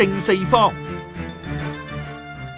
正四方。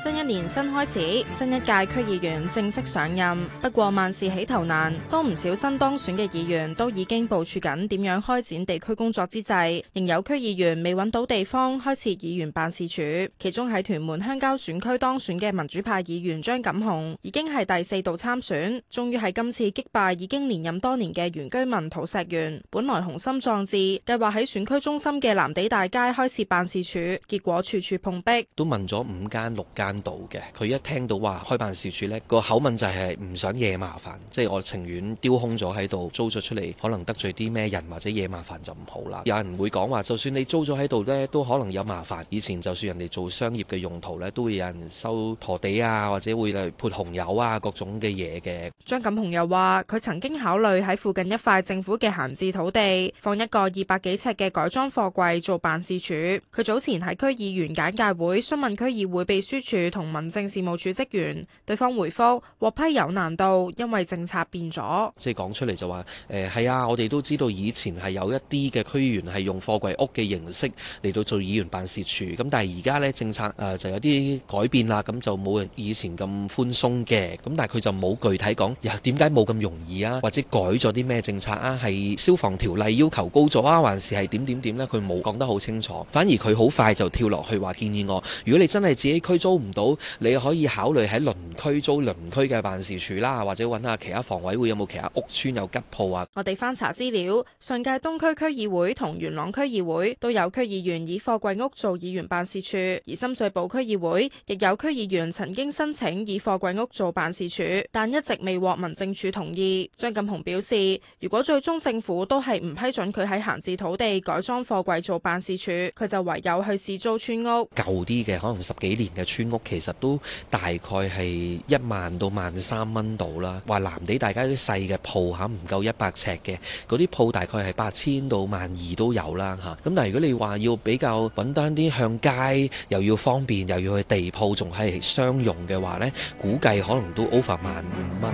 新一年新開始，新一屆區議員正式上任。不過，萬事起頭難，多唔少新當選嘅議員都已經部署緊點樣開展地區工作之際，仍有區議員未揾到地方開設議員辦事處。其中喺屯門鄉郊選區當選嘅民主派議員張錦雄，已經係第四度參選，終於喺今次擊敗已經連任多年嘅原居民陶石元。本來雄心壯志，計劃喺選區中心嘅藍地大街開設辦事處，結果處處碰壁，都問咗五間六間。度嘅，佢一聽到話開辦事處呢個口吻就係唔想惹麻煩，即係我情願丟空咗喺度租咗出嚟，可能得罪啲咩人或者惹麻煩就唔好啦。有人會講話，就算你租咗喺度呢都可能有麻煩。以前就算人哋做商業嘅用途呢都會有人收陀地啊，或者會嚟潑紅油啊，各種嘅嘢嘅。張錦雄又話：佢曾經考慮喺附近一塊政府嘅閒置土地放一個二百幾尺嘅改裝貨櫃做辦事處。佢早前喺區議員簡介會詢問區議會秘書處。同民政事務處職員，對方回覆獲批有難度，因為政策變咗。即係講出嚟就話，誒、欸、係啊，我哋都知道以前係有一啲嘅區員係用貨櫃屋嘅形式嚟到做議員辦事處，咁但係而家呢，政策誒、呃、就有啲改變啦，咁就冇以前咁寬鬆嘅，咁但係佢就冇具體講，呀點解冇咁容易啊？或者改咗啲咩政策啊？係消防條例要求高咗啊？還是係點點點呢？佢冇講得好清楚，反而佢好快就跳落去話建議我，如果你真係自己區租唔到你可以考慮喺輪，區租鄰區嘅辦事處啦，或者揾下其他房委會有冇其他屋村有吉鋪啊？我哋翻查資料，上屆東區區議會同元朗區議會都有區議員以貨櫃屋做議員辦事處，而深水埗區議會亦有區議員曾經申請以貨櫃屋做辦事處，但一直未獲民政處同意。張錦雄表示，如果最終政府都係唔批准佢喺閒置土地改裝貨櫃做辦事處，佢就唯有去試租村屋。舊啲嘅可能十幾年嘅村屋，其實都大概係一萬到萬三蚊度啦，話藍地大街啲細嘅鋪嚇唔夠一百尺嘅，嗰啲鋪大概係八千到萬二都有啦，咁但係如果你話要比較揾單啲向街，又要方便，又要去地鋪，仲係商用嘅話呢，估計可能都 over 萬五蚊。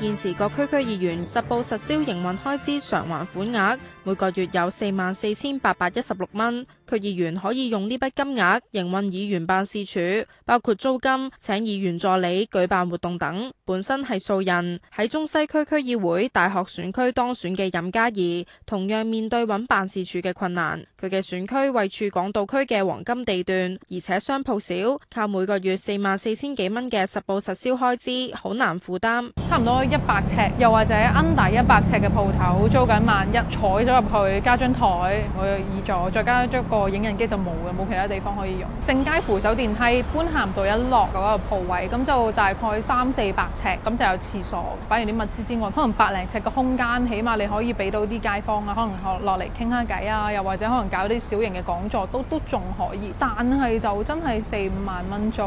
現時各區區議員實報實銷營運開支償還款額，每個月有四萬四千八百一十六蚊。區議員可以用呢筆金額營運議員辦事處，包括租金、請議員助理、舉辦活動等。本身係素人喺中西區區議會大學選區當選嘅任嘉兒，同樣面對揾辦事處嘅困難。佢嘅選區位處港島區嘅黃金地段，而且商鋪少，靠每個月四萬四千幾蚊嘅實報實銷開支，好難負擔。差唔多一百尺，又或者 under 一百尺嘅鋪頭租緊，萬一坐咗入去，加張台，我有椅座，再加一張個。個影印機就冇嘅，冇其他地方可以用。正街扶手電梯般咸道一落嗰個鋪位，咁就大概三四百尺，咁就有廁所，擺完啲物資之外，可能百零尺個空間，起碼你可以俾到啲街坊啊，可能落落嚟傾下偈啊，又或者可能搞啲小型嘅講座，都都仲可以。但係就真係四五萬蚊租，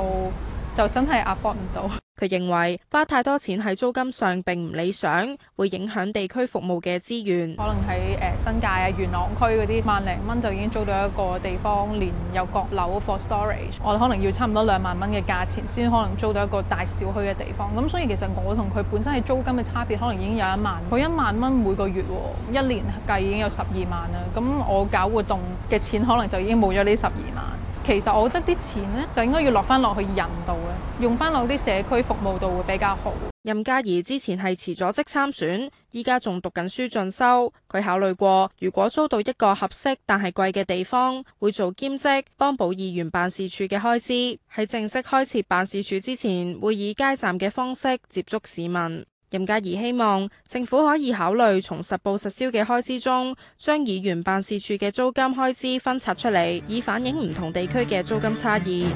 就真係 afford 唔到。佢認為花太多錢喺租金上並唔理想，會影響地區服務嘅資源。可能喺誒新界啊、元朗區嗰啲萬零蚊就已經租到一個地方，連有閣樓 for storage，我哋可能要差唔多兩萬蚊嘅價錢先可能租到一個大小區嘅地方。咁所以其實我同佢本身係租金嘅差別，可能已經有一萬。嗰一萬蚊每個月、啊，一年計已經有十二萬啦。咁我搞活動嘅錢，可能就已經冇咗呢十二萬。其實我覺得啲錢呢，就應該要落翻落去人度啊，用翻落啲社區服務度會比較好。任嘉兒之前係辭咗職參選，依家仲讀緊書進修。佢考慮過，如果租到一個合適但係貴嘅地方，會做兼職幫補議員辦事處嘅開支。喺正式開設辦事處之前，會以街站嘅方式接觸市民。任嘉兒希望政府可以考慮從實報實銷嘅開支中，將議員辦事處嘅租金開支分拆出嚟，以反映唔同地區嘅租金差異。